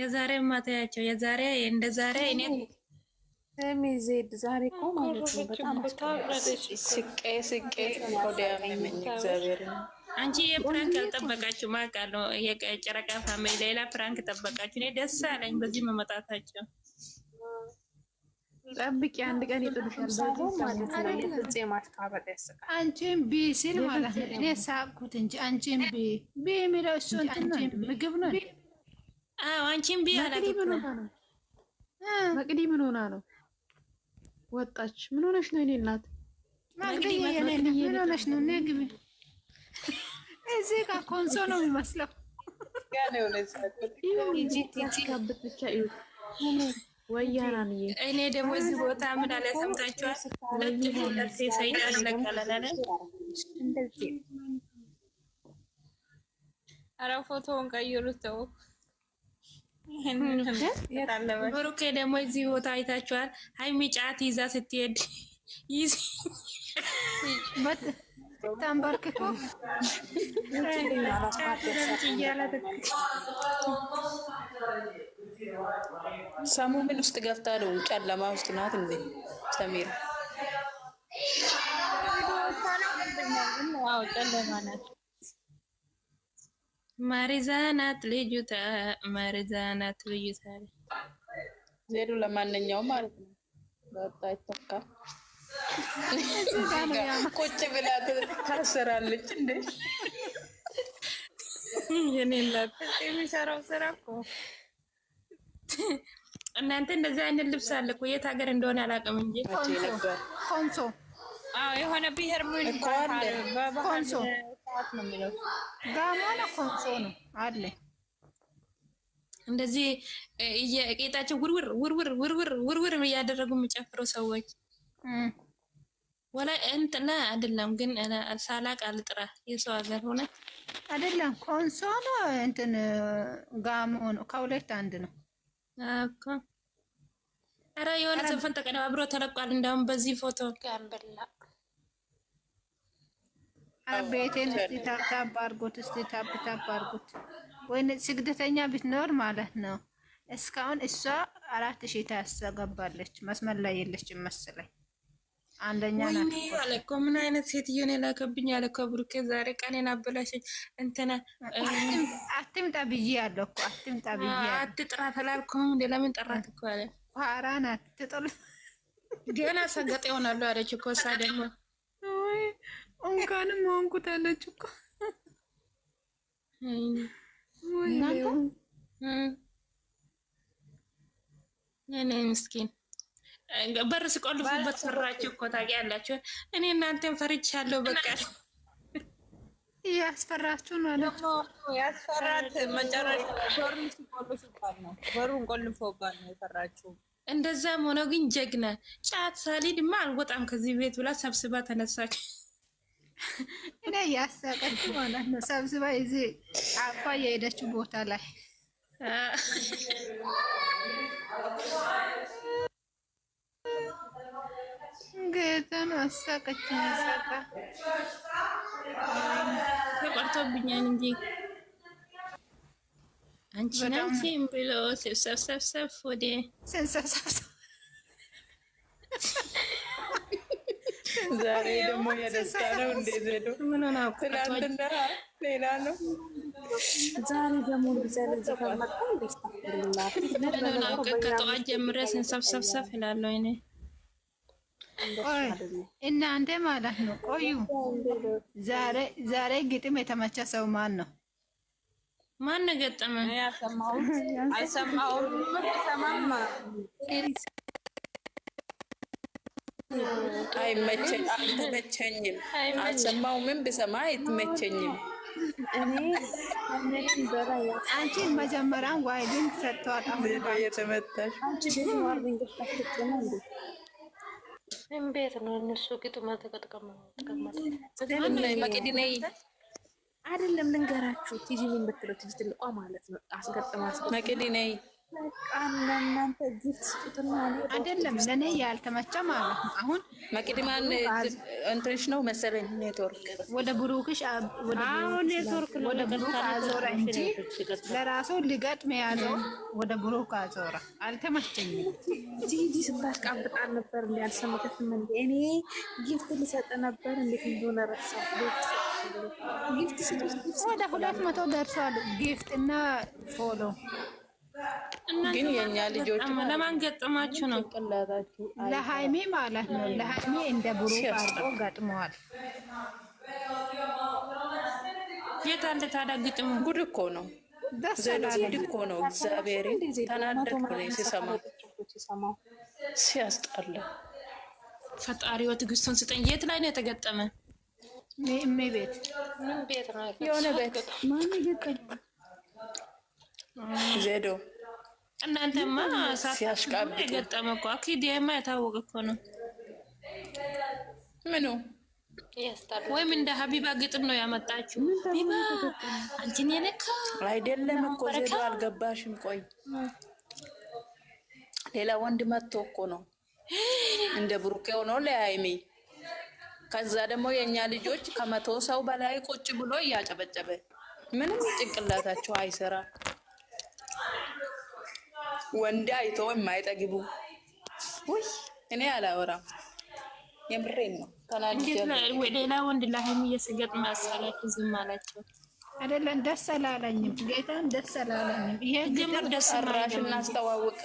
የዛሬ ማታያቸው የዛሬ እንደ ዛሬ እኔ ሚዜድ ዛሬ እኮ ማለት ነው አንቺ የፕራንክ አልጠበቃችሁ ማቃለሁ። የጨረቃ ፋሚሊ ሌላ ፕራንክ ጠበቃችሁ። እኔ ደስ አለኝ በዚህ መመጣታቸው። ጠብቂ፣ አንድ ቀን አንቺን ቢ ሲል ማለት ነው። እኔ ሳቅኩት እንጂ አንቺን ቢ ቢ የሚለው እሱ ምግብ ነው። አንቺን ቢ መቅዲ ምን ሆና ነው ወጣች? ምን ሆነሽ ነው? እኔ እናት ምን ሆነሽ ነው? ግቢ እዚህ ኮንሶ ነው የሚመስለው። እኔ ደግሞ እዚህ ቦታ ምን አለ ሰምታችኋል? አረ ፎቶውን ቀይሩት ተው። ብሩኬ ደግሞ እዚህ ቦታ አይታችኋል? ሀይሚ ጫት ይዛ ስትሄድ ተንበርክኮ ጫት እያላት ሰሙ ምን ውስጥ ገብታ ነው? ጨለማ ውስጥ ናት እንዴ ሰሚራ? ጨለማ ናት። መሪዛ ናት ልዩታ፣ መሪዛ ናት ልዩታ። ለማንኛውም ማለት ነው በወጣ ይተካ ቁጭ ብላ ታስራለች እንዴ? የኔ የሚሰራው ስራ እኮ እናንተ እንደዚህ አይነት ልብስ አለ እኮ የት ሀገር እንደሆነ አላውቅም እንጂ ኮንሶ የሆነ ብሄር ሙሉ ኮንሶ ጋሞ ነው ኮንሶ ነው አለ እንደዚህ ቄጣቸው ውርውር ውርውር ውርውር ውርውር እያደረጉ የሚጨፍሩ ሰዎች ወላ እንትና አይደለም ግን ሳላቅ አልጥራ የሰው ሀገር ሆነ አይደለም ኮንሶ ነው እንትን ጋሞ ነው ከሁለት አንድ ነው እኮ ኧረ የሆነ ዘፈን ተቀነባብሮ ተለቋል። እንደውም በዚህ ፎቶ ጋምበላ አቤቴን እስቲ ታብታብ አድርጎት፣ እስቲ ታብታብ አድርጎት። ወይኔ ስግደተኛ ብትኖር ማለት ነው። እስካሁን እሷ አራት ሺህ ታስገባለች መስመር ላይ የለችም መሰለኝ። አንደኛ አለ እኮ ምን አይነት ሴትዮ ነው የላከብኝ? አለ እኮ ብሩኬ ዛሬ ቀኔን አበላሸኝ። እንትና አትምጣ ብዬ አለ እኮ አትምጣ ብዬ አትጥራት አላልኩም። ለምን ጠራት እኮ አለ ኋራን ትጥል ገና ሰገጥ ይሆናሉ አለች እኮ እሷ ደግሞ እንኳንም ሆንኩት አለች እኮ እናንተ እኔ ምስኪን በር ስቆልፉበት ሰራችሁ እኮ ታውቂያላችሁ። እኔ እናንተን ፈርቻለሁ። በቃ ያስፈራችሁ ማለት ነው። ያስፈራት መጨረሻ በሩን ነው። ቆልፎባት ነው የፈራችሁ። እንደዛም ሆኖ ግን ጀግና ጫት ሳሊድማ አልወጣም ከዚህ ቤት ብላ ሰብስባ ተነሳች። እኔ ያሳቀች ማለት ነው። ሰብስባ እዚህ አባ የሄደችው ቦታ ላይ አሳቀች። ሳቃ ተቆርጦብኛል እንጂ አንቺ ናንቺም ብሎ ሰብሰብሰብሰብ ወደ ሰብሰብሰብሰብ ዛሬ ደግሞ የደስታ ነው። እንደ ዘዶ ትናንትና ሌላ ነው። ዛሬ ደግሞ ከጠዋት ጀምሬ ስንሰብሰብሰብ እላለሁ እኔ እናንተ ማለት ነው። ቆዩ ዛሬ ግጥም የተመቸ ሰው ማን ነው? ማን ገጠመ? አይሰማውም። ምን አልሰማውም። ብሰማ አይመቸኝም። አንቺ መጀመሪያን ዋይሊን ሰጥተዋል። እንዴት ነው እነሱ ግጥማ ተቀጥቀመ አይደለም ልንገራችሁ። ቲጂ ምን ብትለው ቲጂ ትልቋ ማለት ነው አስገጥማ ነይ አይደለም ለእኔ ያልተመቸ ማለት ነው። አሁን መቅድማን እንትንሽ ነው መሰለኝ ኔትወርክ ወደ ብሩክሽ ወደ ብሩክ አዞረ እንጂ ለራሱ ሊገጥም የያዘው ወደ ብሩክ አዞረ። አልተመቸኝም። ጂጂ ስታሽቃብጣል ነበር እንዲ አልሰማከትም እንዲ እኔ ጊፍት ሊሰጥ ነበር እንዴት እንደሆነ ረሳ። ጊፍት ወደ ሁለት መቶ ደርሷል። ጊፍት እና ፎሎ ግን የኛ ልጆች ለማን ገጥማችሁ ነው? ለሃይሜ ማለት ነው። ለሃይሜ እንደ ብሩክ አርጎ ገጥመዋል። የት አለ ታዲያ ግጥሙ? ጉድ እኮ ነው። ጉድ እኮ ነው። እግዚአብሔር ተናደድኩ ሲሰማ፣ ሲያስጠላ። ፈጣሪው ትዕግስቱን ስጠኝ። የት ላይ ነው የተገጠመ? ምን ቤት? ምን ቤት ነው የሆነ ቤት ዜዶ እናንተማ ሲያሽቃብ የገጠመ እኮ አኪዲያማ የታወቀ እኮ ነው። ምኑ ወይም እንደ ሀቢባ ግጥም ነው ያመጣችሁ ሀቢባ አንቺን የነካ አይደለም እኮ ዜዶ፣ አልገባሽም። ቆይ ሌላ ወንድ መጥቶ እኮ ነው እንደ ብሩኬ ሆኖ ለያይሜ ከዛ ደግሞ የእኛ ልጆች ከመቶ ሰው በላይ ቁጭ ብሎ እያጨበጨበ ምንም ጭንቅላታቸው አይሰራ ወንድ አይቶ የማይጠግቡ ውይ እኔ አላወራም። የምሬን ነው። ሌላ ወንድ ላይም እየሰገጥ ማሳላችሁ ዝም አላቸው አይደለም። ደስ አላለኝም፣ ጌታን ደስ አላለኝም። ይሄ ግምር ጭራሽ እናስተዋውቅ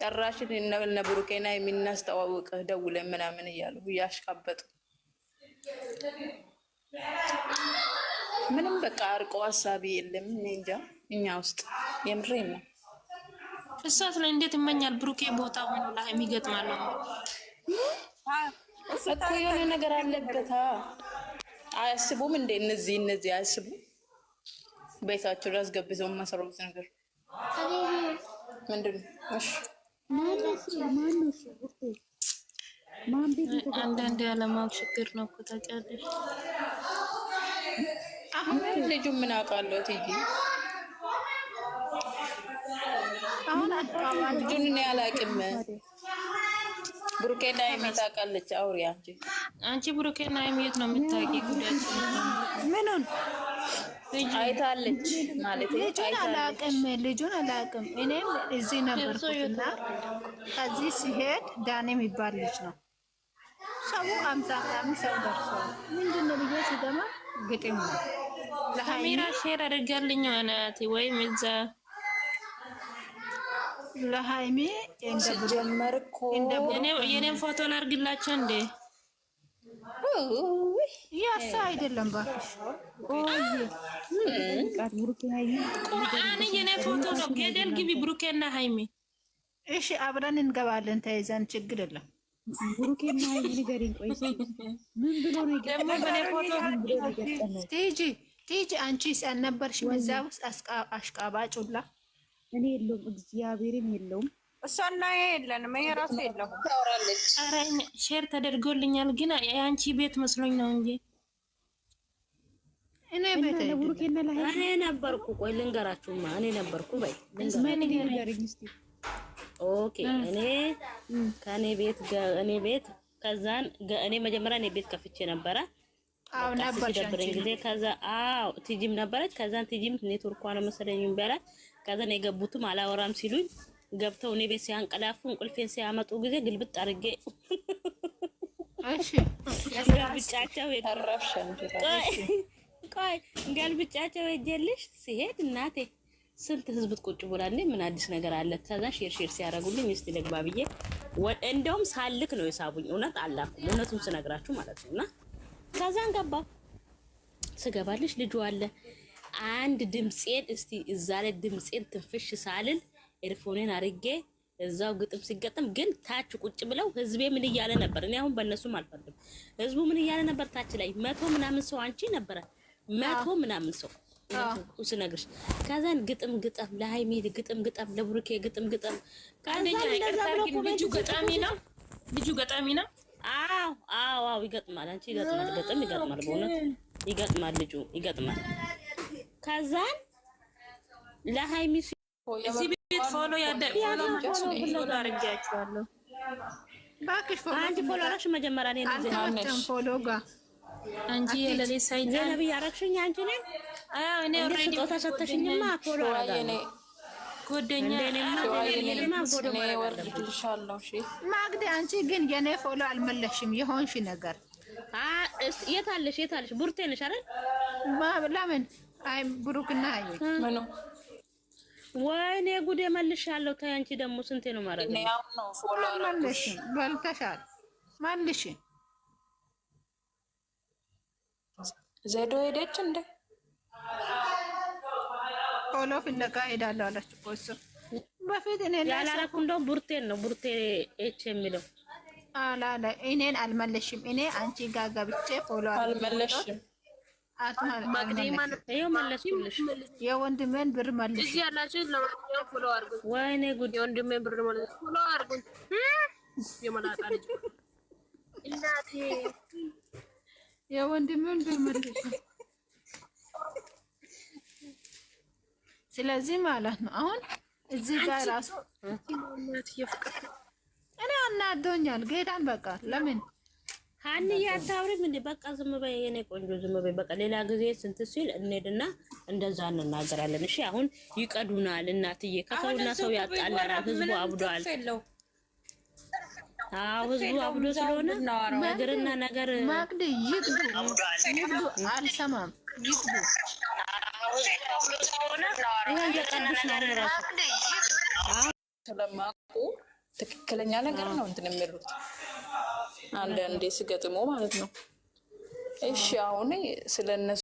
ጭራሽ እነ ብሩኬና የምናስተዋውቅ ደውለን ምናምን እያሉ እያሽቃበጡ ምንም በቃ አርቆ ሀሳቢ የለም። እኔ እንጃ እኛ ውስጥ የምሬ ነው። እሷስ ላይ እንዴት ይመኛል? ብሩኬ ቦታ ሆኖ ላይ የሚገጥማል ነው እኮ የሆነ ነገር አለበታ አያስቡም እንዴ? እነዚህ እነዚህ አያስቡ ቤታቸው ራስ ገብዘው ማሰሩት ነገር ምንድን ነው? እሺ አንዳንድ ያለማወቅ ችግር ነው እኮ ታውቂያለሽ። አሁን ልጁ ምን አውቃለሁ ትይ ልጁን እኔ አላውቅም። ብሩኬና ሀይሚ ታውቃለች። አውሪ አንቺ አንቺ ብሩኬና ሀይሚ የት ነው የምታውቂ? ጉዳት ምኑን አይታለች ማለት ልጁን አላውቅም። ልጁን አላውቅም። እኔም እዚህ ነበርኩና ከዚህ ሲሄድ ዳኔ የሚባል ልጅ ነው ሰው አምሳ አምስት ደርሷል። ምንድን ነው ልጆ ሲገማ ግጥም ነው ካሜራ ሼር አድርጋልኝ ሆናት ወይም እዛ ለሀይሜ ሲጀመር እኮ የኔን ፎቶ ላርግላቸው እንዴ? ያሳ አይደለም ቁርአን የኔ ፎቶ ነው። ገደል ግቢ ብሩኬና እሺ አብረን እንገባለን ተይዘን፣ ችግር የለም። ብሩኬና ንገሪኝ። ቆይ ምን ብሎ ነው ቲጂ ቲጂ፣ አንቺ በዛ ውስጥ እኔ የለውም፣ እግዚአብሔርም የለውም። እሷና የለንም፣ ይሄ ራሱ የለውም። ሼር ተደርጎልኛል፣ ግን የአንቺ ቤት መስሎኝ ነው እንጂ እኔ ቤት እኔ ነበርኩ። ቆይ ልንገራችሁማ፣ እኔ ነበርኩ። በይ ኦኬ። እኔ ከእኔ ቤት እኔ ቤት ከዛን እኔ መጀመሪያ እኔ ቤት ከፍቼ ነበረ ሲደብረኝ ጊዜ ከዛ አዎ ቲጂም ነበረች። ከዛን ቲጂም ኔትወርኳ ነው መሰለኝ በላት። ከዛን የገቡትም አላወራም ሲሉኝ ገብተው እኔ ቤት ሲያንቀላፉ እንቅልፌን ሲያመጡ ጊዜ ግልብጥ አድርጌ እሺ ገልብጫቸው ቆይ ገልብጫቸው ሄጄልሽ ሲሄድ እናቴ ስንት ህዝብ ቁጭ ብላኔ ምን አዲስ ነገር አለ? ከዛ ሼር ሼር ሲያደርጉልኝ እስቲ ልግባ ብዬ እንደውም ሳልክ ነው የሳቡኝ። እውነት አላኩም፣ እውነቱን ስነግራችሁ ማለት ነውና ከዛን ገባ ስገባልሽ ልጁ አለ አንድ ድምፄን እስቲ እዛ ላይ ድምፄን ትንፍሽ ሳልል ኤርፎኔን አርጌ እዛው ግጥም ሲገጥም ግን ታች ቁጭ ብለው ህዝቤ ምን እያለ ነበር? እኔ አሁን በእነሱም አልፈልግም። ህዝቡ ምን እያለ ነበር? ታች ላይ መቶ ምናምን ሰው አንቺ ነበረ መቶ ምናምን ሰው ስነግርሽ ከዛን ግጥም ግጠም ለሃይሚ ግጥም ግጠም ለብሩኬ ግጥም ግጠም ከአንደኛ ይቅርታ፣ ግን ልጁ ገጣሚ ነው። ልጁ ገጣሚ ነው። አዎ አዎ አዎ ይገጥማል። አንቺ ይገጥማል፣ ገጥም ይገጥማል፣ በእውነት ይገጥማል፣ ልጁ ይገጥማል። ከዛን ለሃይሚ እዚህ ቤት ፎሎ ያደ ፎሎ ማለት ነው። ፎሎ አድርጌያቸዋለሁ። እባክሽ ፎሎ አንቺ ፎሎ አደረግሽ መጀመሪያ እኔ እንደዚህ አንቺ ፎሎ ጋር አንቺ የለሌ ሳይድ ዘነብዬ አደረግሽኝ አንቺ ነኝ። አዎ እኔ ኦሬዲ ቦታ ፎሎ አደረጋለሁ ጎደኛ ማግዴ አንቺ ግን የኔ ፎሎ አልመለሽም። የሆንሽ ነገር የታለሽ? የታለሽ? ቡርቴ ነሽ አይደል? ለምን አይ ብሩክና ምኑ ወይኔ ጉዴ መልሻለሁ። ተይ አንቺ ደግሞ ስንቴ ነው ማረግ ነው? ያው ነው ፎሎ በልተሻል፣ መልሽ። ዘዶ ሄደች እንዴ? ሆሎ ፍለጋ ሄዳለሁ አለች እኮ እሱ በፊት እኔ ያላረኩ እንደውም ቡርቴን ነው ቡርቴ ኤች የሚለው አላለ እኔን አልመለሽም። እኔ አንቺ ጋር ገብቼ ፎሎ አልመለሽም። ይኸው መለስኩልሽ። የወንድሜን ብር መልሽ። ወይኔ ጉድ! የወንድሜን ብር መልሽ፣ ፎሎ አድርጉኝ። የመላጣ ልጅ እናቴ፣ የወንድሜን ብር መልሽ። ስለዚህ ማለት ነው አሁን እዚህ ጋር ራሱ እኔ አናዶኛል። ጌታን በቃ ለምን ሀኒ ያታውሪ ምን በቃ ዝም በይ የኔ ቆንጆ ዝም በይ በቃ። ሌላ ጊዜ ስንት ሲል እንሄድና እንደዛ እንናገራለን። እሺ አሁን ይቀዱናል። እናትዬ ከሰውና ሰው ያጣላናል። ህዝቡ አብዷል። አዎ ህዝቡ አብዶ ስለሆነ ነገርና ነገር ማቅድ ይቅዱ፣ ይቅዱ። አልሰማም፣ ይቅዱ ስለማቁ ትክክለኛ ነገር ነው እንትን የሚሉት አንዳንዴ ስገጥሞ ማለት ነው። እሺ አሁን